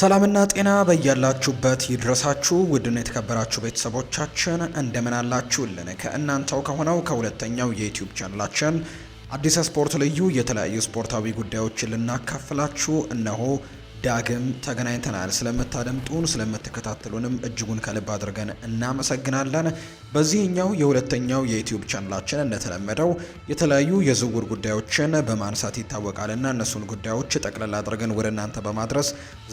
ሰላምና ጤና በያላችሁበት ይድረሳችሁ ውድና የተከበራችሁ ቤተሰቦቻችን እንደምን አላችሁልን? ከእናንተው ከሆነው ከሁለተኛው የዩትዩብ ቻናላችን አዲስ ስፖርት ልዩ የተለያዩ ስፖርታዊ ጉዳዮችን ልናካፍላችሁ እነሆ ዳግም ተገናኝተናል። ስለምታደምጡን ስለምትከታተሉንም እጅጉን ከልብ አድርገን እናመሰግናለን። በዚህኛው የሁለተኛው የዩትዩብ ቻናላችን እንደተለመደው የተለያዩ የዝውውር ጉዳዮችን በማንሳት ይታወቃልና እነሱን ጉዳዮች ጠቅለል አድርገን ወደ እናንተ በማድረስ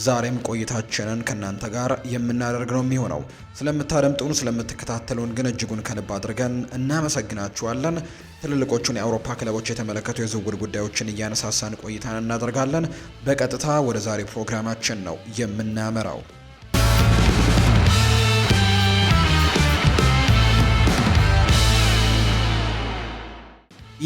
ዛሬም ቆይታችንን ከእናንተ ጋር የምናደርግ ነው የሚሆነው። ስለምታደምጡን ስለምትከታተሉን ግን እጅጉን ከልብ አድርገን እናመሰግናችኋለን። ትልልቆቹን የአውሮፓ ክለቦች የተመለከቱ የዝውውር ጉዳዮችን እያነሳሳን ቆይታን እናደርጋለን። በቀጥታ ወደ ዛሬ ፕሮግራማችን ነው የምናመራው።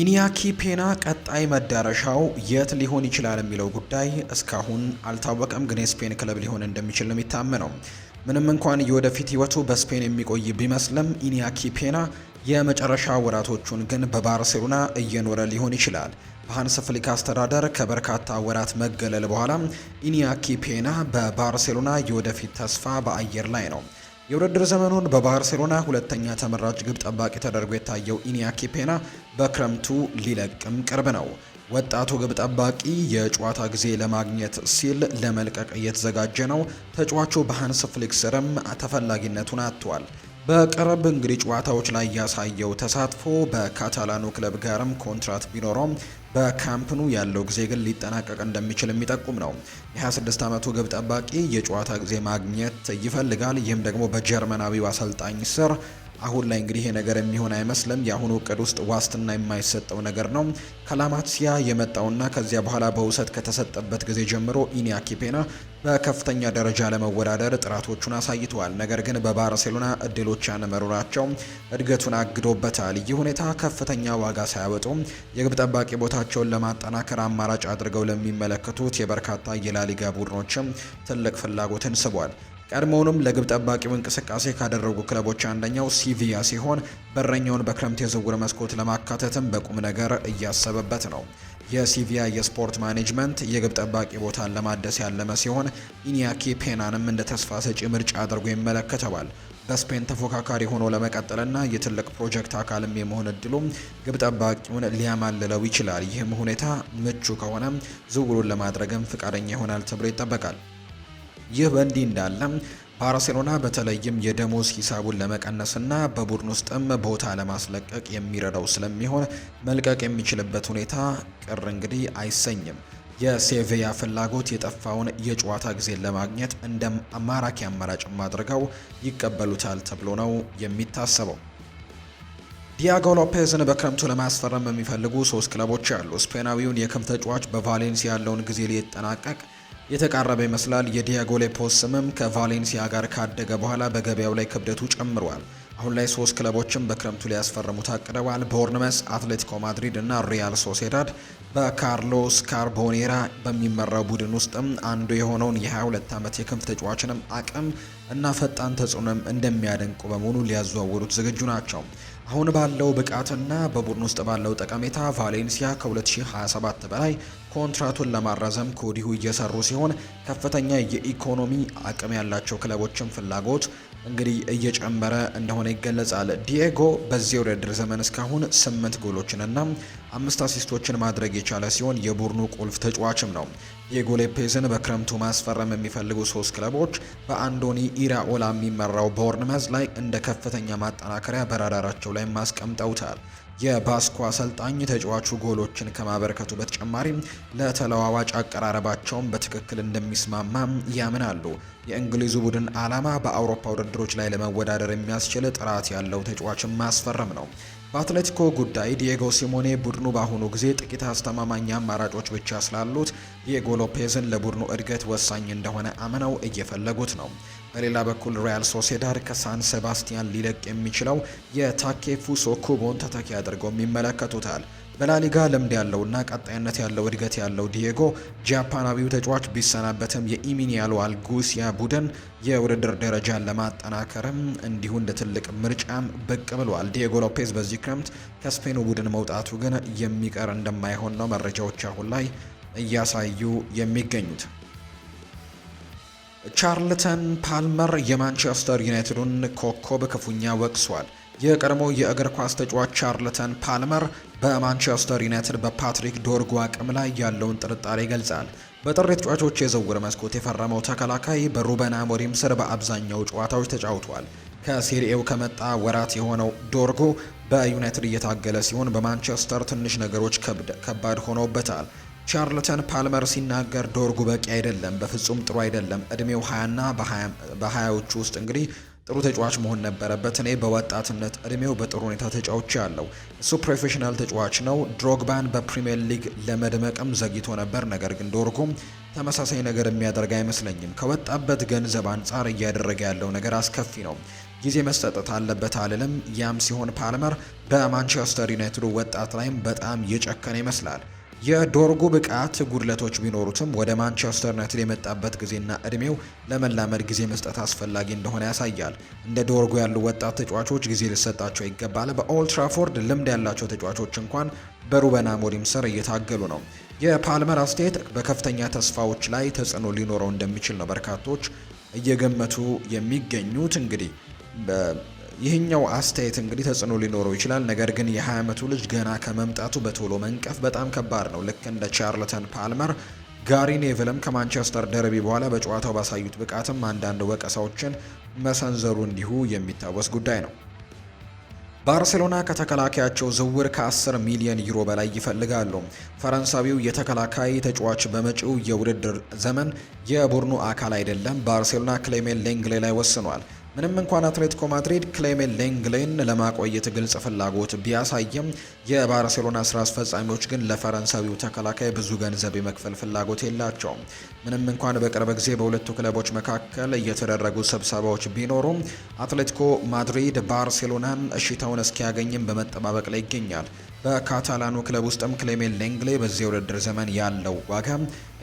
ኢኒያኪ ፔና ቀጣይ መዳረሻው የት ሊሆን ይችላል የሚለው ጉዳይ እስካሁን አልታወቀም፣ ግን የስፔን ክለብ ሊሆን እንደሚችል ነው የሚታመነው። ምንም እንኳን የወደፊት ህይወቱ በስፔን የሚቆይ ቢመስልም ኢኒያኪ ፔና የመጨረሻ ወራቶቹን ግን በባርሴሎና እየኖረ ሊሆን ይችላል። በሃንስ ፍሊክ አስተዳደር ከበርካታ ወራት መገለል በኋላ ኢኒያኪ ፔና በባርሴሎና የወደፊት ተስፋ በአየር ላይ ነው። የውድድር ዘመኑን በባርሴሎና ሁለተኛ ተመራጭ ግብ ጠባቂ ተደርጎ የታየው ኢኒያኪ ፔና በክረምቱ ሊለቅም ቅርብ ነው። ወጣቱ ግብ ጠባቂ የጨዋታ ጊዜ ለማግኘት ሲል ለመልቀቅ እየተዘጋጀ ነው። ተጫዋቹ በሃንስ ፍሊክ ስርም ተፈላጊነቱን አጥቷል። በቅርብ እንግዲህ ጨዋታዎች ላይ ያሳየው ተሳትፎ በካታላኑ ክለብ ጋርም ኮንትራት ቢኖረውም በካምፕኑ ያለው ጊዜ ግን ሊጠናቀቅ እንደሚችል የሚጠቁም ነው። የ26 ዓመቱ ግብ ጠባቂ የጨዋታ ጊዜ ማግኘት ይፈልጋል። ይህም ደግሞ በጀርመናዊው አሰልጣኝ ስር አሁን ላይ እንግዲህ ይሄ ነገር የሚሆን አይመስልም። የአሁኑ እቅድ ውስጥ ዋስትና የማይሰጠው ነገር ነው። ከላማሲያ የመጣውና ከዚያ በኋላ በውሰት ከተሰጠበት ጊዜ ጀምሮ ኢኒያኪ በከፍተኛ ደረጃ ለመወዳደር ጥረቶቹን አሳይተዋል። ነገር ግን በባርሴሎና እድሎች ያለመኖራቸው እድገቱን አግዶበታል። ይህ ሁኔታ ከፍተኛ ዋጋ ሳያወጡ የግብ ጠባቂ ቦታቸውን ለማጠናከር አማራጭ አድርገው ለሚመለከቱት የበርካታ የላሊጋ ቡድኖችም ትልቅ ፍላጎትን ስቧል። ቀድሞውንም ለግብ ጠባቂው እንቅስቃሴ ካደረጉ ክለቦች አንደኛው ሲቪያ ሲሆን በረኛውን በክረምት የዝውውር መስኮት ለማካተትም በቁም ነገር እያሰበበት ነው። የሲቪያ የስፖርት ማኔጅመንት የግብ ጠባቂ ቦታን ለማደስ ያለመ ሲሆን ኢኒያኪ ፔናንም እንደ ተስፋ ሰጪ ምርጫ አድርጎ ይመለከተዋል። በስፔን ተፎካካሪ ሆኖ ለመቀጠልና የትልቅ ፕሮጀክት አካልም የመሆን እድሉም ግብ ጠባቂውን ሊያማልለው ይችላል። ይህም ሁኔታ ምቹ ከሆነ ዝውውሩን ለማድረግም ፍቃደኛ ይሆናል ተብሎ ይጠበቃል። ይህ በእንዲህ እንዳለ ባርሴሎና በተለይም የደሞዝ ሂሳቡን ለመቀነስና በቡድን ውስጥም ቦታ ለማስለቀቅ የሚረዳው ስለሚሆን መልቀቅ የሚችልበት ሁኔታ ቅር እንግዲህ አይሰኝም። የሴቪያ ፍላጎት የጠፋውን የጨዋታ ጊዜን ለማግኘት እንደ ማራኪ አማራጭ አድርገው ይቀበሉታል ተብሎ ነው የሚታሰበው። ዲያጎ ሎፔዝን በክረምቱ ለማስፈረም የሚፈልጉ ሶስት ክለቦች አሉ። ስፔናዊውን የክንፍ ተጫዋች በቫሌንሲያ ያለውን ጊዜ ሊጠናቀቅ የተቃረበ ይመስላል። የዲያጎ ሌፖስ ስምም ከቫሌንሲያ ጋር ካደገ በኋላ በገበያው ላይ ክብደቱ ጨምሯል። አሁን ላይ ሶስት ክለቦችም በክረምቱ ሊያስፈርሙ ታቅደዋል። ቦርንመስ፣ አትሌቲኮ ማድሪድ እና ሪያል ሶሴዳድ በካርሎስ ካርቦኔራ በሚመራው ቡድን ውስጥም አንዱ የሆነውን የ22 ዓመት የክንፍ ተጫዋችንም አቅም እና ፈጣን ተጽዕኖም እንደሚያደንቁ በመሆኑ ሊያዘዋውሩት ዝግጁ ናቸው። አሁን ባለው ብቃትና በቡድን ውስጥ ባለው ጠቀሜታ ቫሌንሲያ ከ2027 በላይ ኮንትራቱን ለማራዘም ከወዲሁ እየሰሩ ሲሆን ከፍተኛ የኢኮኖሚ አቅም ያላቸው ክለቦችም ፍላጎት እንግዲህ እየጨመረ እንደሆነ ይገለጻል። ዲየጎ በዚህ ውድድር ዘመን እስካሁን ስምንት ጎሎችንና አምስት አሲስቶችን ማድረግ የቻለ ሲሆን የቡድኑ ቁልፍ ተጫዋችም ነው። የጎሌ ፔዝን በክረምቱ ማስፈረም የሚፈልጉ ሶስት ክለቦች በአንዶኒ ኢራኦላ የሚመራው ቦርንመዝ ላይ እንደ ከፍተኛ ማጠናከሪያ በራዳራቸው ላይ ማስቀምጠውታል። የባስኮ አሰልጣኝ ተጫዋቹ ጎሎችን ከማበረከቱ በተጨማሪ ለተለዋዋጭ አቀራረባቸውን በትክክል እንደሚስማማ ያምናሉ። የእንግሊዙ ቡድን ዓላማ በአውሮፓ ውድድሮች ላይ ለመወዳደር የሚያስችል ጥራት ያለው ተጫዋችን ማስፈረም ነው። በአትሌቲኮ ጉዳይ ዲየጎ ሲሞኔ ቡድኑ በአሁኑ ጊዜ ጥቂት አስተማማኝ አማራጮች ብቻ ስላሉት ዲየጎ ሎፔዝን ለቡድኑ እድገት ወሳኝ እንደሆነ አምነው እየፈለጉት ነው። በሌላ በኩል ሪያል ሶሴዳድ ከሳን ሴባስቲያን ሊለቅ የሚችለው ፉሶ ኩቦን ተተኪ አድርገው ይመለከቱታል። በላሊጋ ልምድ ያለውና ቀጣይነት ያለው እድገት ያለው ዲየጎ ጃፓናዊው ተጫዋች ቢሰናበትም የኢሚኒያሎ አልጉሲያ ቡድን የውድድር ደረጃን ለማጠናከርም እንዲሁ እንደ ትልቅ ምርጫም ብቅ ብሏል። ዲየጎ ሎፔዝ በዚህ ክረምት ከስፔኑ ቡድን መውጣቱ ግን የሚቀር እንደማይሆን ነው መረጃዎች አሁን ላይ እያሳዩ የሚገኙት። ቻርልተን ፓልመር የማንቸስተር ዩናይትዱን ኮከብ ክፉኛ ወቅሷል። የቀድሞ የእግር ኳስ ተጫዋች ቻርልተን ፓልመር በማንቸስተር ዩናይትድ በፓትሪክ ዶርጉ አቅም ላይ ያለውን ጥርጣሬ ይገልጻል። በጥር ተጫዋቾች የዝውውር መስኮት የፈረመው ተከላካይ በሩበን አሞሪም ስር በአብዛኛው ጨዋታዎች ተጫውቷል። ከሴሪኤው ከመጣ ወራት የሆነው ዶርጉ በዩናይትድ እየታገለ ሲሆን በማንቸስተር ትንሽ ነገሮች ከባድ ሆነውበታል። ቻርልተን ፓልመር ሲናገር ዶርጉ በቂ አይደለም፣ በፍጹም ጥሩ አይደለም። እድሜው 20ና በ20ዎቹ ውስጥ እንግዲህ ጥሩ ተጫዋች መሆን ነበረበት። እኔ በወጣትነት እድሜው በጥሩ ሁኔታ ተጫዎች ያለው እሱ ፕሮፌሽናል ተጫዋች ነው። ድሮግባን በፕሪምየር ሊግ ለመድመቅም ዘግይቶ ነበር። ነገር ግን ዶርጉም ተመሳሳይ ነገር የሚያደርግ አይመስለኝም። ከወጣበት ገንዘብ አንጻር እያደረገ ያለው ነገር አስከፊ ነው። ጊዜ መሰጠት አለበት አልልም። ያም ሲሆን ፓልመር በማንቸስተር ዩናይትዱ ወጣት ላይም በጣም የጨከነ ይመስላል። የዶርጉ ብቃት ጉድለቶች ቢኖሩትም ወደ ማንቸስተር ዩናይትድ የመጣበት ጊዜና እድሜው ለመላመድ ጊዜ መስጠት አስፈላጊ እንደሆነ ያሳያል። እንደ ዶርጉ ያሉ ወጣት ተጫዋቾች ጊዜ ሊሰጣቸው ይገባል። በኦልትራፎርድ ልምድ ያላቸው ተጫዋቾች እንኳን በሩበን አሞሪም ስር እየታገሉ ነው። የፓልመር አስተያየት በከፍተኛ ተስፋዎች ላይ ተጽዕኖ ሊኖረው እንደሚችል ነው በርካቶች እየገመቱ የሚገኙት እንግዲህ ይህኛው አስተያየት እንግዲህ ተጽዕኖ ሊኖረው ይችላል። ነገር ግን የ20 ዓመቱ ልጅ ገና ከመምጣቱ በቶሎ መንቀፍ በጣም ከባድ ነው። ልክ እንደ ቻርልተን ፓልመር፣ ጋሪ ኔቭልም ከማንቸስተር ደርቢ በኋላ በጨዋታው ባሳዩት ብቃትም አንዳንድ ወቀሳዎችን መሰንዘሩ እንዲሁ የሚታወስ ጉዳይ ነው። ባርሴሎና ከተከላካያቸው ዝውውር ከ10 ሚሊዮን ዩሮ በላይ ይፈልጋሉ። ፈረንሳዊው የተከላካይ ተጫዋች በመጪው የውድድር ዘመን የቡድኑ አካል አይደለም። ባርሴሎና ክሌሜን ሌንግሌ ላይ ወስኗል። ምንም እንኳን አትሌቲኮ ማድሪድ ክሌሜን ሌንግሌን ለማቆየት ግልጽ ፍላጎት ቢያሳይም የባርሴሎና ስራ አስፈጻሚዎች ግን ለፈረንሳዊው ተከላካይ ብዙ ገንዘብ የመክፈል ፍላጎት የላቸውም። ምንም እንኳን በቅርብ ጊዜ በሁለቱ ክለቦች መካከል እየተደረጉ ስብሰባዎች ቢኖሩም አትሌቲኮ ማድሪድ ባርሴሎናን እሽታውን እስኪያገኝም በመጠባበቅ ላይ ይገኛል። በካታላኑ ክለብ ውስጥም ክሌሜን ሌንግሌ በዚህ የውድድር ዘመን ያለው ዋጋ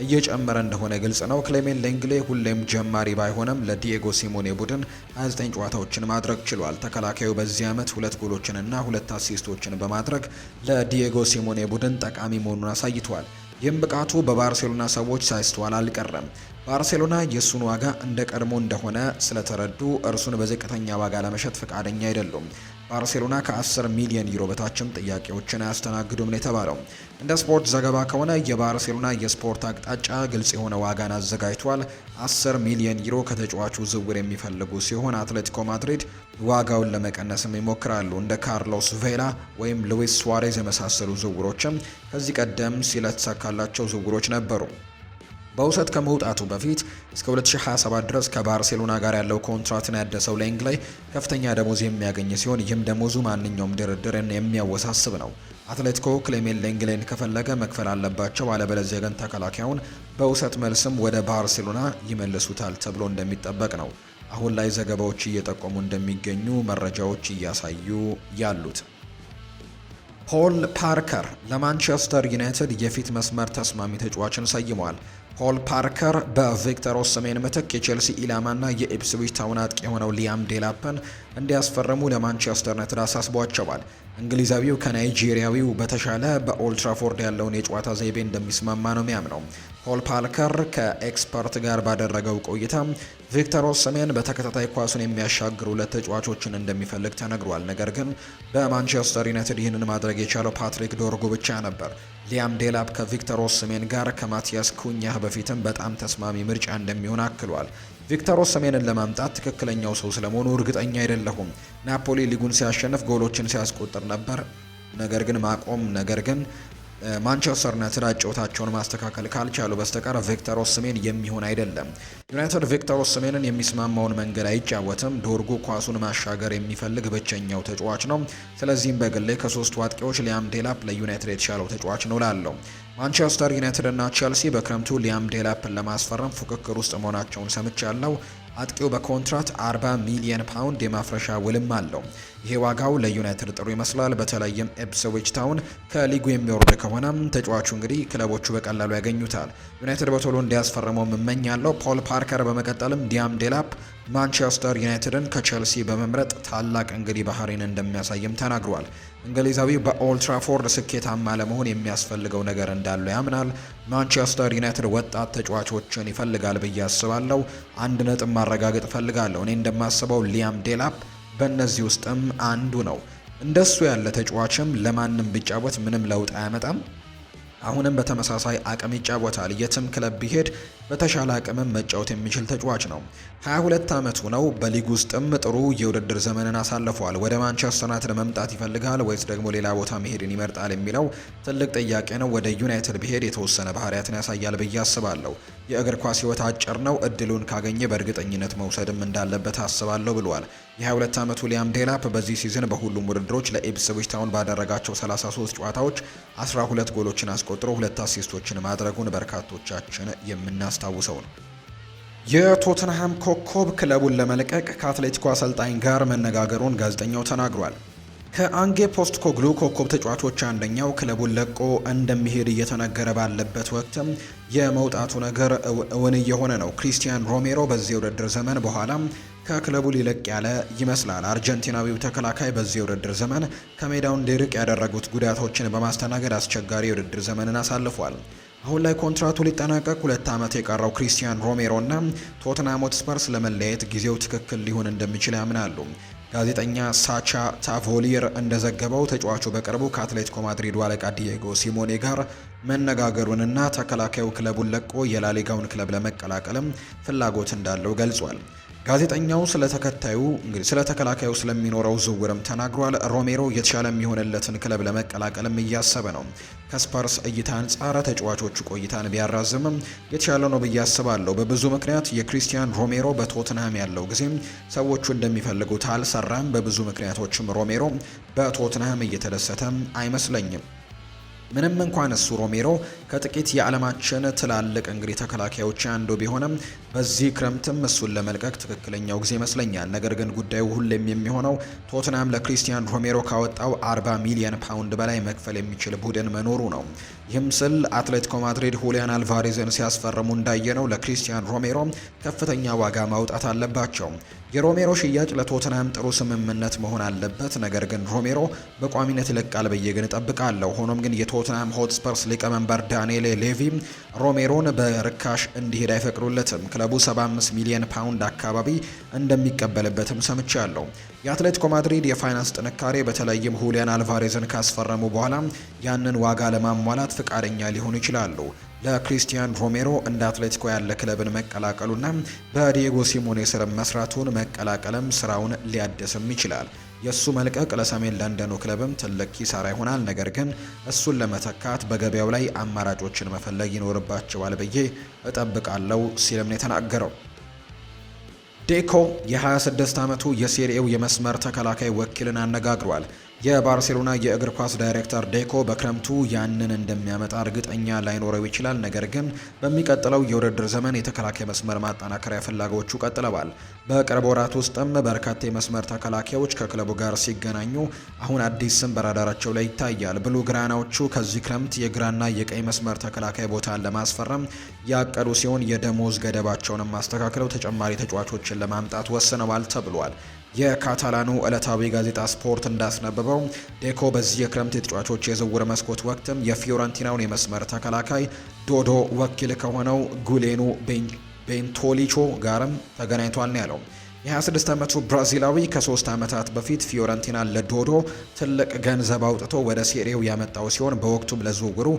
እየጨመረ እንደሆነ ግልጽ ነው። ክሌሜን ሌንግሌ ሁሌም ጀማሪ ባይሆንም ለዲኤጎ ሲሞኔ ቡድን 29 ጨዋታዎችን ማድረግ ችሏል። ተከላካዩ በዚህ ዓመት ሁለት ጎሎችንና ሁለት አሲስቶችን በማድረግ ለዲኤጎ ሲሞኔ ቡድን ጠቃሚ መሆኑን አሳይቷል። ይህም ብቃቱ በባርሴሎና ሰዎች ሳይስተዋል አልቀረም። ባርሴሎና የእሱን ዋጋ እንደ ቀድሞ እንደሆነ ስለተረዱ እርሱን በዝቅተኛ ዋጋ ለመሸጥ ፈቃደኛ አይደሉም። ባርሴሎና ከ10 ሚሊዮን ዩሮ በታችም ጥያቄዎችን አያስተናግዱም ነው የተባለው። እንደ ስፖርት ዘገባ ከሆነ የባርሴሎና የስፖርት አቅጣጫ ግልጽ የሆነ ዋጋን አዘጋጅቷል። 10 ሚሊዮን ዩሮ ከተጫዋቹ ዝውውር የሚፈልጉ ሲሆን አትሌቲኮ ማድሪድ ዋጋውን ለመቀነስም ይሞክራሉ። እንደ ካርሎስ ቬላ ወይም ሉዊስ ሱዋሬዝ የመሳሰሉ ዝውውሮችም ከዚህ ቀደም ሲለተሳካላቸው ዝውውሮች ነበሩ። በውሰት ከመውጣቱ በፊት እስከ 2027 ድረስ ከባርሴሎና ጋር ያለው ኮንትራትን ያደሰው ሌንግ ላይ ከፍተኛ ደሞዝ የሚያገኝ ሲሆን ይህም ደሞዙ ማንኛውም ድርድርን የሚያወሳስብ ነው። አትሌቲኮ ክሌሜን ሌንግሌን ከፈለገ መክፈል አለባቸው፣ አለበለዚያ ግን ተከላካዩን በውሰት መልስም ወደ ባርሴሎና ይመልሱታል ተብሎ እንደሚጠበቅ ነው አሁን ላይ ዘገባዎች እየጠቆሙ እንደሚገኙ መረጃዎች እያሳዩ ያሉት። ፖል ፓርከር ለማንቸስተር ዩናይትድ የፊት መስመር ተስማሚ ተጫዋችን ሰይመዋል። ሆል ፓርከር በቪክተር ኦስሜን ምትክ የቼልሲ ኢላማና የኢፕስዊች ታውን አጥቂ የሆነው ሊያም ዴላፕን እንዲያስፈርሙ ለማንቸስተር ዩናይትድ አሳስቧቸዋል። እንግሊዛዊው ከናይጄሪያዊው በተሻለ በኦልትራፎርድ ያለውን የጨዋታ ዘይቤ እንደሚስማማ ነው የሚያምነው። ሆል ፓርከር ከኤክስፐርት ጋር ባደረገው ቆይታ ቪክተር ኦስሜን በተከታታይ ኳሱን የሚያሻግሩ ሁለት ተጫዋቾችን እንደሚፈልግ ተነግሯል። ነገር ግን በማንቸስተር ዩናይትድ ይህንን ማድረግ የቻለው ፓትሪክ ዶርጉ ብቻ ነበር። ሊያም ዴላፕ ከቪክተር ኦስሜን ጋር ከማቲያስ ኩኛህ በፊትም በጣም ተስማሚ ምርጫ እንደሚሆን አክሏል። ቪክተር ኦስሜንን ለማምጣት ትክክለኛው ሰው ስለመሆኑ እርግጠኛ አይደለሁም። ናፖሊ ሊጉን ሲያሸንፍ ጎሎችን ሲያስቆጥር ነበር፣ ነገር ግን ማቆም ነገር ግን ማንቸስተር ዩናይትድ ጨዋታቸውን ማስተካከል ካልቻሉ በስተቀር ቪክተር ኦስሜን የሚሆን አይደለም። ዩናይትድ ቪክተር ኦስሜንን የሚስማማውን መንገድ አይጫወትም። ዶርጉ ኳሱን ማሻገር የሚፈልግ ብቸኛው ተጫዋች ነው። ስለዚህም በግሌ ከሶስቱ አጥቂዎች ሊያም ዴላፕ ለዩናይትድ የተሻለው ተጫዋች ነው ላለው። ማንቸስተር ዩናይትድ እና ቼልሲ በክረምቱ ሊያም ዴላፕን ለማስፈረም ፉክክር ውስጥ መሆናቸውን ሰምቻለሁ። አጥቂው በኮንትራት 40 ሚሊየን ፓውንድ የማፍረሻ ውልም አለው። ይሄ ዋጋው ለዩናይትድ ጥሩ ይመስላል። በተለይም ኢፕስዊች ታውን ከሊጉ የሚወርድ ከሆነ ተጫዋቹ እንግዲህ ክለቦቹ በቀላሉ ያገኙታል። ዩናይትድ በቶሎ እንዲያስፈርመው እመኛለሁ። ፖል ፓርከር በመቀጠልም ዲያም ዴላፕ ማንቸስተር ዩናይትድን ከቸልሲ በመምረጥ ታላቅ እንግዲህ ባህሪን እንደሚያሳይም ተናግሯል። እንግሊዛዊ በኦልትራፎርድ ስኬታማ ለመሆን የሚያስፈልገው ነገር እንዳለው ያምናል። ማንቸስተር ዩናይትድ ወጣት ተጫዋቾችን ይፈልጋል ብዬ አስባለሁ። አንድ ነጥብ ማረጋገጥ እፈልጋለሁ። እኔ እንደማስበው ሊያም ዴላፕ በእነዚህ ውስጥም አንዱ ነው። እንደሱ ያለ ተጫዋችም ለማንም ቢጫወት ምንም ለውጥ አያመጣም። አሁንም በተመሳሳይ አቅም ይጫወታል። የትም ክለብ ቢሄድ በተሻለ አቅምም መጫወት የሚችል ተጫዋች ነው። 22 ዓመቱ ነው። በሊግ ውስጥም ጥሩ የውድድር ዘመንን አሳልፏል። ወደ ማንቸስተር ዩናይትድ መምጣት ይፈልጋል ወይስ ደግሞ ሌላ ቦታ መሄድን ይመርጣል የሚለው ትልቅ ጥያቄ ነው። ወደ ዩናይትድ ብሄድ የተወሰነ ባህሪያትን ያሳያል ብዬ አስባለሁ። የእግር ኳስ ህይወት አጭር ነው። እድሉን ካገኘ በእርግጠኝነት መውሰድም እንዳለበት አስባለሁ ብሏል። የ22 ዓመቱ ሊያም ዴላፕ በዚህ ሲዝን በሁሉም ውድድሮች ለኢፕስዊች ታውን ባደረጋቸው 33 ጨዋታዎች 12 ጎሎችን አስቆጥሮ ሁለት አሲስቶችን ማድረጉን በርካቶቻችን የምናስ አስታውሰው ነው። የቶተንሃም ኮከብ ክለቡን ለመልቀቅ ከአትሌቲኮ አሰልጣኝ ጋር መነጋገሩን ጋዜጠኛው ተናግሯል። ከአንጌ ፖስት ኮግሉ ኮከብ ተጫዋቾች አንደኛው ክለቡን ለቆ እንደሚሄድ እየተነገረ ባለበት ወቅትም የመውጣቱ ነገር እውን እየሆነ ነው። ክሪስቲያን ሮሜሮ በዚህ ውድድር ዘመን በኋላም ከክለቡ ሊለቅ ያለ ይመስላል። አርጀንቲናዊው ተከላካይ በዚህ ውድድር ዘመን ከሜዳው እንዲርቅ ያደረጉት ጉዳቶችን በማስተናገድ አስቸጋሪ የውድድር ዘመንን አሳልፏል። አሁን ላይ ኮንትራቱ ሊጠናቀቅ ሁለት ዓመት የቀረው ክሪስቲያን ሮሜሮ እና ቶትናም ሆትስፐርስ ለመለያየት ጊዜው ትክክል ሊሆን እንደሚችል ያምናሉ። ጋዜጠኛ ሳቻ ታቮሊየር እንደዘገበው ተጫዋቹ በቅርቡ ከአትሌቲኮ ማድሪድ አለቃ ዲየጎ ሲሞኔ ጋር መነጋገሩንና ተከላካዩ ክለቡን ለቆ የላሊጋውን ክለብ ለመቀላቀልም ፍላጎት እንዳለው ገልጿል። ጋዜጠኛው ስለ ተከታዩ እንግዲህ ስለ ተከላካዩ ስለሚኖረው ዝውውርም ተናግሯል። ሮሜሮ የተሻለ የሚሆንለትን ክለብ ለመቀላቀልም እያሰበ ነው። ከስፐርስ እይታ አንጻር ተጫዋቾቹ ቆይታን ቢያራዝምም የተሻለ ነው ብዬ አስባለሁ። በብዙ ምክንያት የክሪስቲያን ሮሜሮ በቶትንሃም ያለው ጊዜ ሰዎቹ እንደሚፈልጉት አልሰራም። በብዙ ምክንያቶችም ሮሜሮ በቶትንሃም እየተደሰተም አይመስለኝም። ምንም እንኳን እሱ ሮሜሮ ከጥቂት የዓለማችን ትላልቅ እንግዲህ ተከላካዮች አንዱ ቢሆንም በዚህ ክረምትም እሱን ለመልቀቅ ትክክለኛው ጊዜ ይመስለኛል። ነገር ግን ጉዳዩ ሁሌም የሚሆነው ቶትናም ለክሪስቲያን ሮሜሮ ካወጣው 40 ሚሊዮን ፓውንድ በላይ መክፈል የሚችል ቡድን መኖሩ ነው። ይህም ስል አትሌቲኮ ማድሪድ ሁሊያን አልቫሬዝን ሲያስፈርሙ እንዳየነው ለክሪስቲያን ሮሜሮ ከፍተኛ ዋጋ ማውጣት አለባቸው። የሮሜሮ ሽያጭ ለቶትናም ጥሩ ስምምነት መሆን አለበት። ነገር ግን ሮሜሮ በቋሚነት ይለቃል ብዬ ግን እጠብቃለሁ። ሆኖም ግን የቶትናም ሆትስፐርስ ሊቀመንበር ዳንኤል ሌቪ ሮሜሮን በርካሽ እንዲሄድ አይፈቅዱለትም። ክለቡ 75 ሚሊዮን ፓውንድ አካባቢ እንደሚቀበልበትም ሰምቻለሁ። የአትሌቲኮ ማድሪድ የፋይናንስ ጥንካሬ በተለይም ሁሊያን አልቫሬዝን ካስፈረሙ በኋላ ያንን ዋጋ ለማሟላት ፈቃደኛ ሊሆኑ ይችላሉ። ለክሪስቲያን ሮሜሮ እንደ አትሌቲኮ ያለ ክለብን መቀላቀሉና በዲየጎ ሲሞኔ ስር መስራቱን መቀላቀልም ስራውን ሊያደስም ይችላል። የእሱ መልቀቅ ለሰሜን ለንደኑ ክለብም ትልቅ ኪሳራ ይሆናል። ነገር ግን እሱን ለመተካት በገበያው ላይ አማራጮችን መፈለግ ይኖርባቸዋል ብዬ እጠብቃለሁ ሲልም ነው የተናገረው። ዴኮ የ26 ዓመቱ የሴሪኤው የመስመር ተከላካይ ወኪልን አነጋግሯል። የባርሴሎና የእግር ኳስ ዳይሬክተር ዴኮ በክረምቱ ያንን እንደሚያመጣ እርግጠኛ ላይኖረው ይችላል። ነገር ግን በሚቀጥለው የውድድር ዘመን የተከላካይ መስመር ማጠናከሪያ ፍላጎቹ ቀጥለዋል። በቅርብ ወራት ውስጥም በርካታ የመስመር ተከላካዮች ከክለቡ ጋር ሲገናኙ አሁን አዲስ ስም በራዳራቸው ላይ ይታያል። ብሉ ግራናዎቹ ከዚህ ክረምት የግራና የቀይ መስመር ተከላካይ ቦታን ለማስፈረም ያቀዱ ሲሆን የደሞዝ ገደባቸውንም ማስተካከለው ተጨማሪ ተጫዋቾችን ለማምጣት ወስነዋል ተብሏል። የካታላኑ ዕለታዊ ጋዜጣ ስፖርት እንዳስነበበው ዴኮ በዚህ የክረምት የተጫዋቾች የዝውውር መስኮት ወቅትም የፊዮረንቲናውን የመስመር ተከላካይ ዶዶ ወኪል ከሆነው ጉሌኑ ቤንቶሊቾ ጋርም ተገናኝቷል ነው ያለው። የ26 ዓመቱ ብራዚላዊ ከሶስት ዓመታት በፊት ፊዮረንቲና ለዶዶ ትልቅ ገንዘብ አውጥቶ ወደ ሴሬው ያመጣው ሲሆን በወቅቱም ለዝውውሩ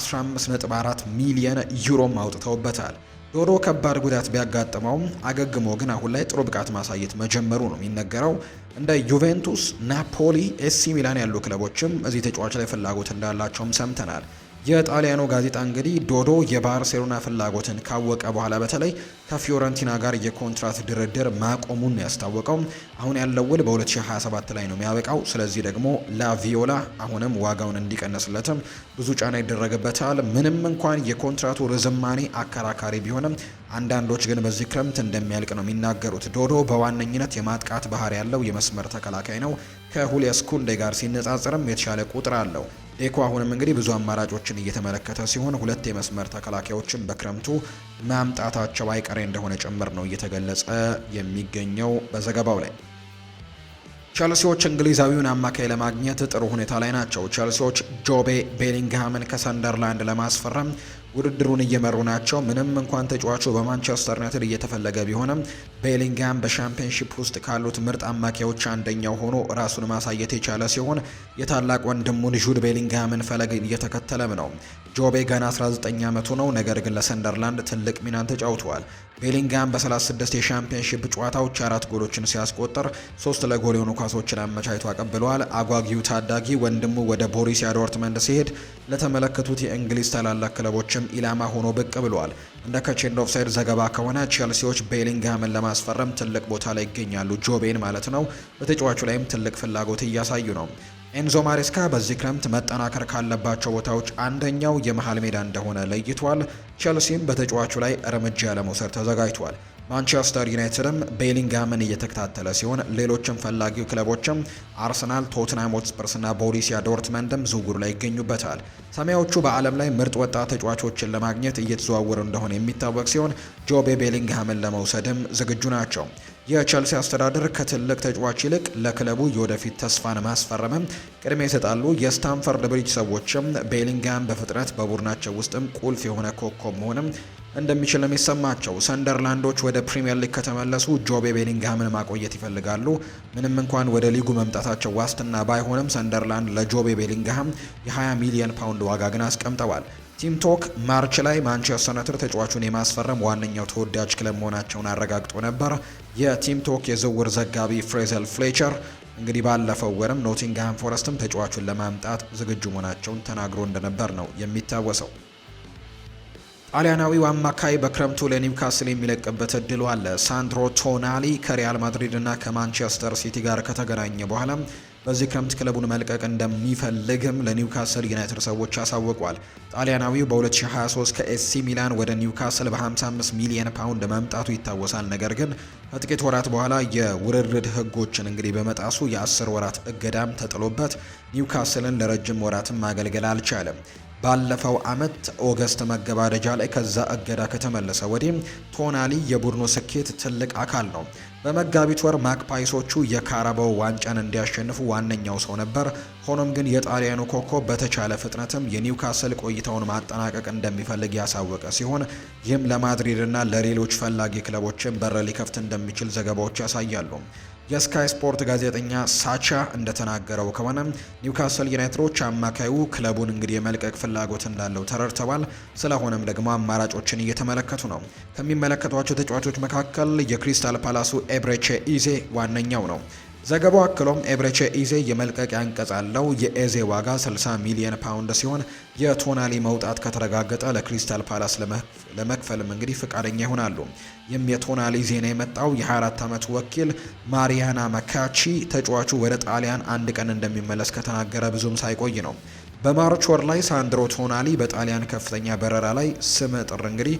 15.4 ሚሊየን ዩሮም አውጥተውበታል። ዶሮ ከባድ ጉዳት ቢያጋጥመውም አገግሞ ግን አሁን ላይ ጥሩ ብቃት ማሳየት መጀመሩ ነው የሚነገረው። እንደ ዩቬንቱስ፣ ናፖሊ፣ ኤሲ ሚላን ያሉ ክለቦችም እዚህ ተጫዋች ላይ ፍላጎት እንዳላቸውም ሰምተናል። የጣሊያኑ ጋዜጣ እንግዲህ ዶዶ የባርሴሎና ፍላጎትን ካወቀ በኋላ በተለይ ከፊዮረንቲና ጋር የኮንትራት ድርድር ማቆሙን ነው ያስታወቀው። አሁን ያለው ውል በ2027 ላይ ነው የሚያበቃው። ስለዚህ ደግሞ ላቪዮላ አሁንም ዋጋውን እንዲቀንስለትም ብዙ ጫና ይደረግበታል። ምንም እንኳን የኮንትራቱ ርዝማኔ አከራካሪ ቢሆንም አንዳንዶች ግን በዚህ ክረምት እንደሚያልቅ ነው የሚናገሩት። ዶዶ በዋነኝነት የማጥቃት ባህሪ ያለው የመስመር ተከላካይ ነው። ከሁሊያስ ኩንዴ ጋር ሲነጻጸርም የተሻለ ቁጥር አለው። ኤኮ አሁንም እንግዲህ ብዙ አማራጮችን እየተመለከተ ሲሆን ሁለት የመስመር ተከላካዮችን በክረምቱ ማምጣታቸው አይቀሬ እንደሆነ ጭምር ነው እየተገለጸ የሚገኘው በዘገባው ላይ። ቸልሲዎች እንግሊዛዊውን አማካይ ለማግኘት ጥሩ ሁኔታ ላይ ናቸው። ቸልሲዎች ጆቤ ቤሊንግሃምን ከሰንደርላንድ ለማስፈረም ውድድሩን እየመሩ ናቸው። ምንም እንኳን ተጫዋቹ በማንቸስተር ዩናይትድ እየተፈለገ ቢሆንም ቤሊንግሃም በሻምፒዮንሺፕ ውስጥ ካሉት ምርጥ አማካዮች አንደኛው ሆኖ ራሱን ማሳየት የቻለ ሲሆን የታላቅ ወንድሙን ዡድ ቤሊንግሃምን ፈለግ እየተከተለም ነው። ጆቤ ገና 19 ዓመቱ ነው፣ ነገር ግን ለሰንደርላንድ ትልቅ ሚናን ተጫውተዋል። ቤሊንግሃም በ36 የሻምፒየንሺፕ ጨዋታዎች አራት ጎሎችን ሲያስቆጥር ሶስት ለጎል የሆኑ ኳሶችን አመቻችቶ አቀብለዋል። አጓጊው ታዳጊ ወንድሙ ወደ ቦሪሲያ ዶርትመንድ ሲሄድ ለተመለከቱት የእንግሊዝ ታላላቅ ክለቦችም ኢላማ ሆኖ ብቅ ብሏል። እንደ ከቼንድ ኦፍሳይድ ዘገባ ከሆነ ቼልሲዎች ቤሊንግሃምን ለማስፈረም ትልቅ ቦታ ላይ ይገኛሉ። ጆቤን ማለት ነው። በተጫዋቹ ላይም ትልቅ ፍላጎት እያሳዩ ነው። ኤንዞ ማሬስካ በዚህ ክረምት መጠናከር ካለባቸው ቦታዎች አንደኛው የመሃል ሜዳ እንደሆነ ለይቷል። ቸልሲም በተጫዋቹ ላይ እርምጃ ለመውሰድ ተዘጋጅቷል። ማንቸስተር ዩናይትድም ቤሊንጋምን እየተከታተለ ሲሆን ሌሎችም ፈላጊው ክለቦችም አርሰናል፣ ቶትናም ሆትስፐርስና ቦሪሲያ ዶርትመንድም ዝውውሩ ላይ ይገኙበታል። ሰማያዎቹ በዓለም ላይ ምርጥ ወጣት ተጫዋቾችን ለማግኘት እየተዘዋወሩ እንደሆነ የሚታወቅ ሲሆን ጆቤ ቤሊንግሃምን ለመውሰድም ዝግጁ ናቸው። የቸልሲ አስተዳደር ከትልቅ ተጫዋች ይልቅ ለክለቡ የወደፊት ተስፋን ማስፈረምም ቅድሚያ ይሰጣሉ። የስታንፈርድ ብሪጅ ሰዎችም ቤሊንጋም በፍጥነት በቡድናቸው ውስጥም ቁልፍ የሆነ ኮከብ መሆንም እንደሚችል የሚሰማቸው ሰንደርላንዶች ወደ ፕሪምየር ሊግ ከተመለሱ ጆቤ ቤሊንግሃምን ማቆየት ይፈልጋሉ። ምንም እንኳን ወደ ሊጉ መምጣታቸው ዋስትና ባይሆንም ሰንደርላንድ ለጆቤ ቤሊንግሃም የ20 ሚሊዮን ፓውንድ ዋጋ ግን አስቀምጠዋል። ቲም ቶክ ማርች ላይ ማንቸስተር ዩናይትድ ተጫዋቹን የማስፈረም ዋነኛው ተወዳጅ ክለብ መሆናቸውን አረጋግጦ ነበር። ቶክ የዝውውር ዘጋቢ ፍሬዘል ፍሌቸር እንግዲህ ባለፈው ወርም ኖቲንግሃም ፎረስትም ተጫዋቹን ለማምጣት ዝግጁ መሆናቸውን ተናግሮ እንደነበር ነው የሚታወሰው። ጣሊያናዊው አማካይ በክረምቱ ለኒውካስል የሚለቅበት እድሉ አለ። ሳንድሮ ቶናሊ ከሪያል ማድሪድ እና ከማንቸስተር ሲቲ ጋር ከተገናኘ በኋላ በዚህ ክረምት ክለቡን መልቀቅ እንደሚፈልግም ለኒውካስል ዩናይትድ ሰዎች አሳውቋል። ጣሊያናዊው በ2023 ከኤሲ ሚላን ወደ ኒውካስል በ55 ሚሊየን ፓውንድ መምጣቱ ይታወሳል። ነገር ግን ከጥቂት ወራት በኋላ የውርርድ ሕጎችን እንግዲህ በመጣሱ የ10 ወራት እገዳም ተጥሎበት ኒውካስልን ለረጅም ወራትም ማገልገል አልቻለም። ባለፈው አመት ኦገስት መገባደጃ ላይ ከዛ እገዳ ከተመለሰ ወዲህ ቶናሊ የቡድኑ ስኬት ትልቅ አካል ነው። በመጋቢት ወር ማክፓይሶቹ የካራባው ዋንጫን እንዲያሸንፉ ዋነኛው ሰው ነበር። ሆኖም ግን የጣሊያኑ ኮከብ በተቻለ ፍጥነትም የኒውካስል ቆይታውን ማጠናቀቅ እንደሚፈልግ ያሳወቀ ሲሆን ይህም ለማድሪድና ለሌሎች ፈላጊ ክለቦችን በር ሊከፍት እንደሚችል ዘገባዎች ያሳያሉ። የስካይ ስፖርት ጋዜጠኛ ሳቻ እንደተናገረው ከሆነ ኒውካስል ዩናይትዶች አማካዩ ክለቡን እንግዲህ የመልቀቅ ፍላጎት እንዳለው ተረድተዋል። ስለሆነም ደግሞ አማራጮችን እየተመለከቱ ነው። ከሚመለከቷቸው ተጫዋቾች መካከል የክሪስታል ፓላሱ ኤብሬቼ ኢዜ ዋነኛው ነው። ዘገባው አክሎም ኤብሬቼ ኢዜ የመልቀቂያ አንቀጽ አለው። የኤዜ ዋጋ 60 ሚሊዮን ፓውንድ ሲሆን የቶናሊ መውጣት ከተረጋገጠ ለክሪስታል ፓላስ ለመክፈልም እንግዲህ ፍቃደኛ ይሆናሉ። ይህም የቶናሊ ዜና የመጣው የ24 ዓመቱ ወኪል ማሪያና መካቺ ተጫዋቹ ወደ ጣሊያን አንድ ቀን እንደሚመለስ ከተናገረ ብዙም ሳይቆይ ነው። በማርች ወር ላይ ሳንድሮ ቶናሊ በጣሊያን ከፍተኛ በረራ ላይ ስም ጥር እንግዲህ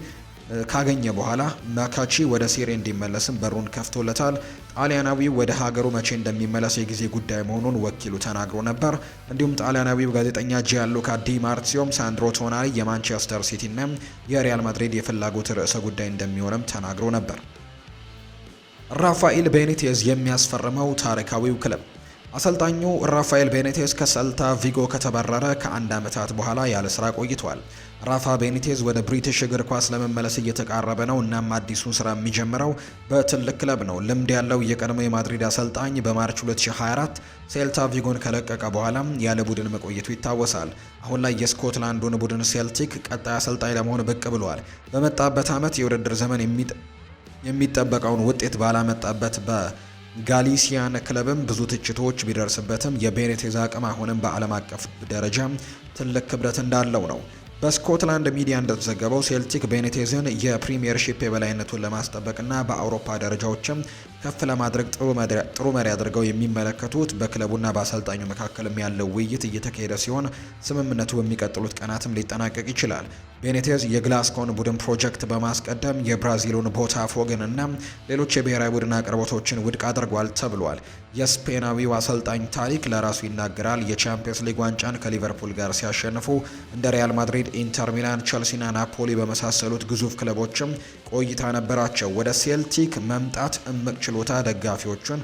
ካገኘ በኋላ ማካቺ ወደ ሴሬ እንዲመለስም በሩን ከፍቶለታል። ጣሊያናዊው ወደ ሀገሩ መቼ እንደሚመለስ የጊዜ ጉዳይ መሆኑን ወኪሉ ተናግሮ ነበር። እንዲሁም ጣሊያናዊው ጋዜጠኛ ጂያሉካ ዲ ማርሲዮም ሳንድሮ ቶናሊ የማንቸስተር ሲቲና የሪያል ማድሪድ የፍላጎት ርዕሰ ጉዳይ እንደሚሆንም ተናግሮ ነበር። ራፋኤል ቤኔቴዝ የሚያስፈርመው ታሪካዊው ክለብ አሰልጣኙ ራፋኤል ቤኔቴስ ከሰልታ ቪጎ ከተበረረ ከአንድ ዓመታት በኋላ ያለ ስራ ቆይቷል። ራፋ ቤኒቴዝ ወደ ብሪቲሽ እግር ኳስ ለመመለስ እየተቃረበ ነው። እናም አዲሱን ስራ የሚጀምረው በትልቅ ክለብ ነው። ልምድ ያለው የቀድሞ የማድሪድ አሰልጣኝ በማርች 2024 ሴልታ ቪጎን ከለቀቀ በኋላ ያለ ቡድን መቆየቱ ይታወሳል። አሁን ላይ የስኮትላንዱን ቡድን ሴልቲክ ቀጣይ አሰልጣኝ ለመሆን ብቅ ብሏል። በመጣበት ዓመት የውድድር ዘመን የሚጠበቀውን ውጤት ባላመጣበት በ ጋሊሲያን ክለብም ብዙ ትችቶች ቢደርስበትም የቤኔቴዝ አቅም አሁንም በዓለም አቀፍ ደረጃ ትልቅ ክብደት እንዳለው ነው። በስኮትላንድ ሚዲያ እንደተዘገበው ሴልቲክ ቤኔቴዝን የፕሪምየርሺፕ የበላይነቱን ለማስጠበቅና በአውሮፓ ደረጃዎችም ከፍ ለማድረግ ጥሩ መሪ አድርገው የሚመለከቱት በክለቡና በአሰልጣኙ መካከልም ያለው ውይይት እየተካሄደ ሲሆን ስምምነቱ በሚቀጥሉት ቀናትም ሊጠናቀቅ ይችላል። ቤኔቴዝ የግላስኮን ቡድን ፕሮጀክት በማስቀደም የብራዚሉን ቦታፎግን እና ሌሎች የብሔራዊ ቡድን አቅርቦቶችን ውድቅ አድርጓል ተብሏል። የስፔናዊው አሰልጣኝ ታሪክ ለራሱ ይናገራል። የቻምፒየንስ ሊግ ዋንጫን ከሊቨርፑል ጋር ሲያሸንፉ እንደ ሪያል ማድሪድ፣ ኢንተር ሚላን፣ ቸልሲና ናፖሊ በመሳሰሉት ግዙፍ ክለቦችም ቆይታ ነበራቸው። ወደ ሴልቲክ መምጣት እምቅ ችሎታ ደጋፊዎቹን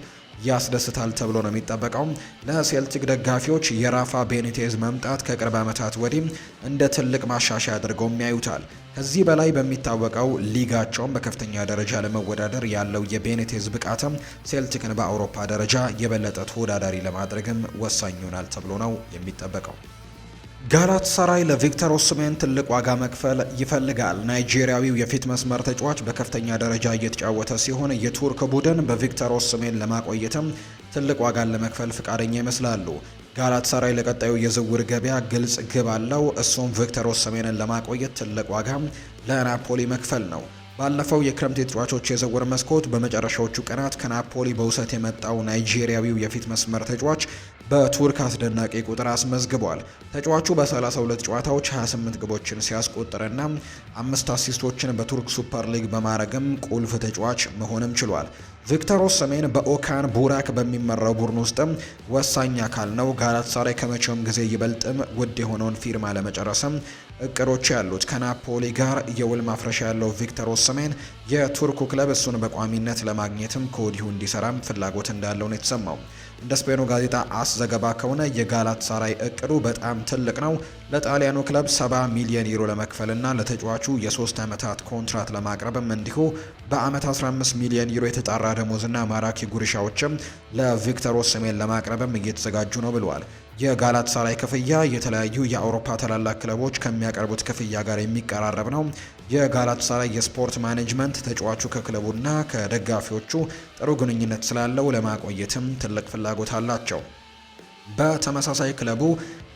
ያስደስታል ተብሎ ነው የሚጠበቀው። ለሴልቲክ ደጋፊዎች የራፋ ቤኒቴዝ መምጣት ከቅርብ ዓመታት ወዲህ እንደ ትልቅ ማሻሻያ አድርገውም ያዩታል። ከዚህ በላይ በሚታወቀው ሊጋቸውም በከፍተኛ ደረጃ ለመወዳደር ያለው የቤኔቴዝ ብቃትም ሴልቲክን በአውሮፓ ደረጃ የበለጠ ተወዳዳሪ ለማድረግም ወሳኝ ይሆናል ተብሎ ነው የሚጠበቀው። ጋላት ሰራይ ለቪክተር ኦስሜን ትልቅ ዋጋ መክፈል ይፈልጋል። ናይጄሪያዊው የፊት መስመር ተጫዋች በከፍተኛ ደረጃ እየተጫወተ ሲሆን የቱርክ ቡድን በቪክተር ኦስሜን ለማቆየትም ትልቅ ዋጋን ለመክፈል ፍቃደኛ ይመስላሉ። ጋላት ሰራይ ለቀጣዩ የዝውውር ገበያ ግልጽ ግብ አለው። እሱም ቪክተር ኦስሜንን ለማቆየት ትልቅ ዋጋ ለናፖሊ መክፈል ነው። ባለፈው የክረምት የተጫዋቾች የዝውውር መስኮት በመጨረሻዎቹ ቀናት ከናፖሊ በውሰት የመጣው ናይጄሪያዊው የፊት መስመር ተጫዋች በቱርክ አስደናቂ ቁጥር አስመዝግቧል። ተጫዋቹ በ32 ጨዋታዎች 28 ግቦችን ሲያስቆጥርና አምስት አሲስቶችን በቱርክ ሱፐር ሊግ በማድረግም ቁልፍ ተጫዋች መሆንም ችሏል። ቪክተር ኦሰሜን በኦካን ቡራክ በሚመራው ቡድን ውስጥም ወሳኝ አካል ነው። ጋላታሳራይ ከመቼውም ጊዜ ይበልጥም ውድ የሆነውን ፊርማ ለመጨረስም እቅዶች ያሉት ከናፖሊ ጋር የውል ማፍረሻ ያለው ቪክተር ኦስሜን የቱርኩ ክለብ እሱን በቋሚነት ለማግኘትም ከወዲሁ እንዲሰራም ፍላጎት እንዳለው ነው የተሰማው። እንደ ስፔኑ ጋዜጣ አስ ዘገባ ከሆነ የጋላት ሳራይ እቅዱ በጣም ትልቅ ነው። ለጣሊያኑ ክለብ 70 ሚሊዮን ዩሮ ለመክፈልና ለተጫዋቹ የሶስት ዓመታት ኮንትራት ለማቅረብም እንዲሁ በአመት 15 ሚሊዮን ዩሮ የተጣራ ደሞዝና ማራኪ ጉርሻዎችም ለቪክተር ኦስሜን ለማቅረብም እየተዘጋጁ ነው ብለዋል። የጋላት ሳራይ ክፍያ የተለያዩ የአውሮፓ ታላላቅ ክለቦች ከሚያቀርቡት ክፍያ ጋር የሚቀራረብ ነው። የጋላት ሳራይ የስፖርት ማኔጅመንት ተጫዋቹ ከክለቡና ከደጋፊዎቹ ጥሩ ግንኙነት ስላለው ለማቆየትም ትልቅ ፍላጎት አላቸው። በተመሳሳይ ክለቡ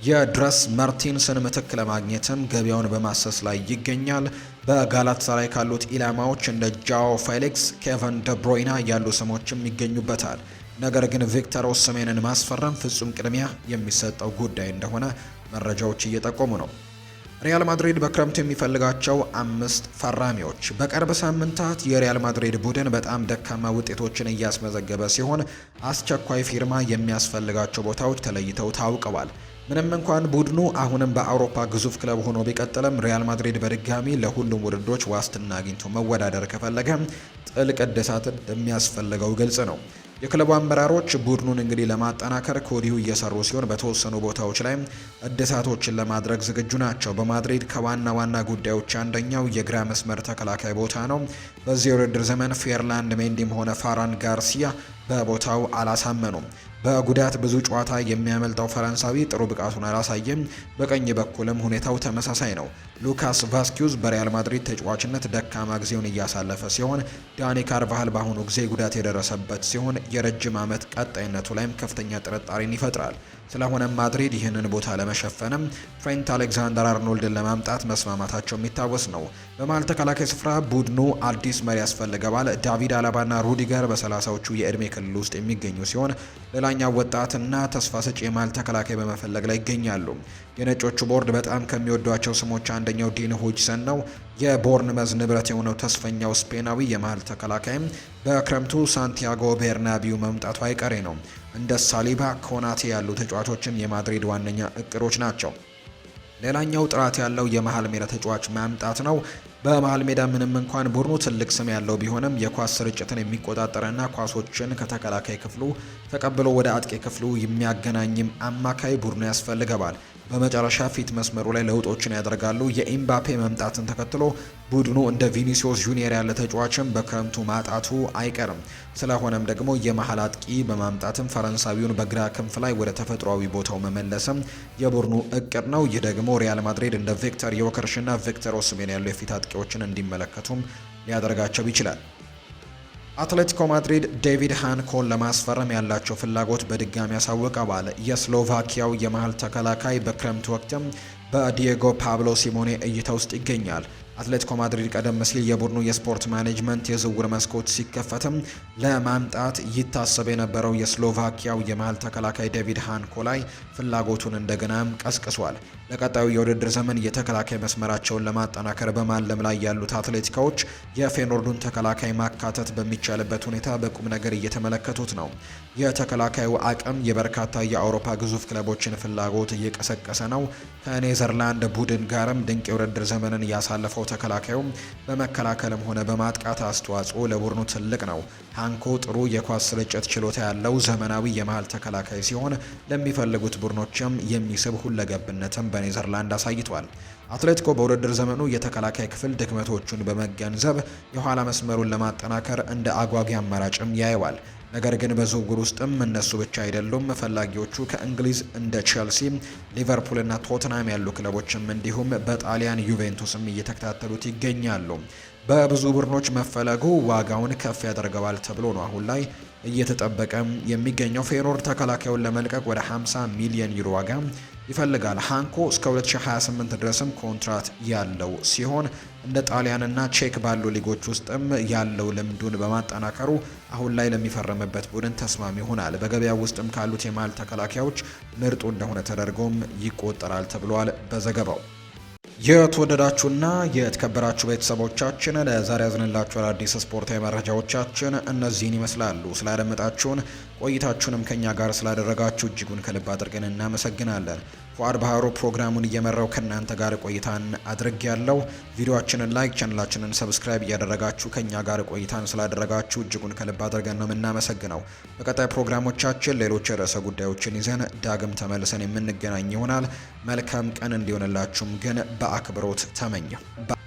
የድረስ መርቲንስን ምትክ ለማግኘትም ገበያውን በማሰስ ላይ ይገኛል። በጋላት ሳራይ ካሉት ኢላማዎች እንደ ጃኦ ፌሊክስ፣ ኬቨን ደብሮይና ያሉ ስሞችም ይገኙበታል። ነገር ግን ቪክተር ኦስሜንን ማስፈረም ፍጹም ቅድሚያ የሚሰጠው ጉዳይ እንደሆነ መረጃዎች እየጠቆሙ ነው። ሪያል ማድሪድ በክረምቱ የሚፈልጋቸው አምስት ፈራሚዎች። በቅርብ ሳምንታት የሪያል ማድሪድ ቡድን በጣም ደካማ ውጤቶችን እያስመዘገበ ሲሆን አስቸኳይ ፊርማ የሚያስፈልጋቸው ቦታዎች ተለይተው ታውቀዋል። ምንም እንኳን ቡድኑ አሁንም በአውሮፓ ግዙፍ ክለብ ሆኖ ቢቀጥልም ሪያል ማድሪድ በድጋሚ ለሁሉም ውድድሮች ዋስትና አግኝቶ መወዳደር ከፈለገ ጥልቅ እድሳት እንደሚያስፈልገው ግልጽ ነው። የክለቡ አመራሮች ቡድኑን እንግዲህ ለማጠናከር ከወዲሁ እየሰሩ ሲሆን በተወሰኑ ቦታዎች ላይ እድሳቶችን ለማድረግ ዝግጁ ናቸው። በማድሪድ ከዋና ዋና ጉዳዮች አንደኛው የግራ መስመር ተከላካይ ቦታ ነው። በዚህ የውድድር ዘመን ፌርላንድ ሜንዲም ሆነ ፋራን ጋርሲያ በቦታው አላሳመኑም። በጉዳት ብዙ ጨዋታ የሚያመልጠው ፈረንሳዊ ጥሩ ብቃቱን አላሳየም። በቀኝ በኩልም ሁኔታው ተመሳሳይ ነው። ሉካስ ቫስኪዩዝ በሪያል ማድሪድ ተጫዋችነት ደካማ ጊዜውን እያሳለፈ ሲሆን፣ ዳኒ ካርቫሃል በአሁኑ ጊዜ ጉዳት የደረሰበት ሲሆን የረጅም ዓመት ቀጣይነቱ ላይም ከፍተኛ ጥርጣሬን ይፈጥራል። ስለሆነ ማድሪድ ይህንን ቦታ ለመሸፈንም ትሬንት አሌክዛንደር አርኖልድን ለማምጣት መስማማታቸው የሚታወስ ነው። በመሀል ተከላካይ ስፍራ ቡድኑ አዲስ መሪ ያስፈልገዋል። ዳቪድ አለባና ሩዲገር በሰላሳዎቹ የእድሜ ክልል ውስጥ የሚገኙ ሲሆን ሌላኛው ወጣትና ተስፋ ሰጪ የመሀል ተከላካይ በመፈለግ ላይ ይገኛሉ። የነጮቹ ቦርድ በጣም ከሚወዷቸው ስሞች አንደኛው ዲን ሆጅሰን ነው። የቦርንመዝ ንብረት የሆነው ተስፈኛው ስፔናዊ የመሀል ተከላካይም በክረምቱ ሳንቲያጎ ቤርናቢው መምጣቱ አይቀሬ ነው። እንደ ሳሊባ ኮናቴ ያሉ ተጫዋቾችም የማድሪድ ዋነኛ እቅዶች ናቸው። ሌላኛው ጥራት ያለው የመሃል ሜዳ ተጫዋች ማምጣት ነው። በመሃል ሜዳ ምንም እንኳን ቡድኑ ትልቅ ስም ያለው ቢሆንም የኳስ ስርጭትን የሚቆጣጠርና ኳሶችን ከተከላካይ ክፍሉ ተቀብሎ ወደ አጥቂ ክፍሉ የሚያገናኝም አማካይ ቡድኑ ያስፈልገዋል። በመጨረሻ ፊት መስመሩ ላይ ለውጦችን ያደርጋሉ። የኤምባፔ መምጣትን ተከትሎ ቡድኑ እንደ ቪኒሲዮስ ጁኒየር ያለ ተጫዋችም በክረምቱ ማጣቱ አይቀርም። ስለሆነም ደግሞ የመሀል አጥቂ በማምጣትም ፈረንሳዊውን በግራ ክንፍ ላይ ወደ ተፈጥሯዊ ቦታው መመለስም የቡድኑ እቅድ ነው። ይህ ደግሞ ሪያል ማድሪድ እንደ ቪክተር ዮከርሽና ቪክተር ኦስሜን ያሉ የፊት አጥቂዎችን እንዲመለከቱም ሊያደርጋቸው ይችላል። አትሌቲኮ ማድሪድ ዴቪድ ሃንኮን ለማስፈረም ያላቸው ፍላጎት በድጋሚ ያሳውቀዋል። የስሎቫኪያው የመሀል ተከላካይ በክረምት ወቅትም በዲየጎ ፓብሎ ሲሞኔ እይታ ውስጥ ይገኛል። አትሌቲኮ ማድሪድ ቀደም ሲል የቡድኑ የስፖርት ማኔጅመንት የዝውውር መስኮት ሲከፈትም ለማምጣት ይታሰብ የነበረው የስሎቫኪያው የመሀል ተከላካይ ዴቪድ ሃንኮ ላይ ፍላጎቱን እንደገናም ቀስቅሷል። ለቀጣዩ የውድድር ዘመን የተከላካይ መስመራቸውን ለማጠናከር በማለም ላይ ያሉት አትሌቲካዎች የፌኖርዱን ተከላካይ ማካተት በሚቻልበት ሁኔታ በቁም ነገር እየተመለከቱት ነው። የተከላካዩ አቅም የበርካታ የአውሮፓ ግዙፍ ክለቦችን ፍላጎት እየቀሰቀሰ ነው። ከኔዘርላንድ ቡድን ጋርም ድንቅ የውድድር ዘመንን ያሳለፈው ተከላካዩም በመከላከልም ሆነ በማጥቃት አስተዋጽኦ ለቡድኑ ትልቅ ነው። ሃንኮ ጥሩ የኳስ ስርጭት ችሎታ ያለው ዘመናዊ የመሃል ተከላካይ ሲሆን ለሚፈልጉት ቡድኖችም የሚስብ ሁለገብነትም በኔዘርላንድ አሳይቷል። አትሌቲኮ በውድድር ዘመኑ የተከላካይ ክፍል ድክመቶቹን በመገንዘብ የኋላ መስመሩን ለማጠናከር እንደ አጓጊ አማራጭም ያየዋል። ነገር ግን በዝውውር ውስጥም እነሱ ብቻ አይደሉም። ፈላጊዎቹ ከእንግሊዝ እንደ ቼልሲ፣ እና ቶትናም ያሉ ክለቦችም እንዲሁም በጣሊያን ዩቬንቱስም እየተከታተሉት ይገኛሉ። በብዙ ቡድኖች መፈለጉ ዋጋውን ከፍ ያደርገዋል ተብሎ ነው አሁን ላይ እየተጠበቀ የሚገኘው። ፌኖር ተከላካዩን ለመልቀቅ ወደ 50 ሚሊዮን ዩሮ ዋጋ ይፈልጋል። ሃንኮ እስከ 2028 ድረስም ኮንትራት ያለው ሲሆን እንደ ጣሊያንና ቼክ ባሉ ሊጎች ውስጥም ያለው ልምዱን በማጠናከሩ አሁን ላይ ለሚፈረምበት ቡድን ተስማሚ ይሆናል። በገበያው ውስጥም ካሉት የማል ተከላካዮች ምርጡ እንደሆነ ተደርጎም ይቆጠራል ተብሏል በዘገባው። የተወደዳችሁና የተከበራችሁ ቤተሰቦቻችን ለዛሬ ያዝንላችሁ አዳዲስ ስፖርታዊ መረጃዎቻችን እነዚህን ይመስላሉ። ስላደመጣችሁን ቆይታችሁንም ከኛ ጋር ስላደረጋችሁ እጅጉን ከልብ አድርገን እናመሰግናለን። ፉአድ ባህሩ ፕሮግራሙን እየመራው ከእናንተ ጋር ቆይታን አድርግ ያለው ቪዲዮችንን ላይክ ቻንላችንን ሰብስክራይብ እያደረጋችሁ ከእኛ ጋር ቆይታን ስላደረጋችሁ እጅጉን ከልብ አድርገን ነው የምናመሰግነው። በቀጣይ ፕሮግራሞቻችን ሌሎች ርዕሰ ጉዳዮችን ይዘን ዳግም ተመልሰን የምንገናኝ ይሆናል። መልካም ቀን እንዲሆንላችሁም ግን በአክብሮት ተመኘው።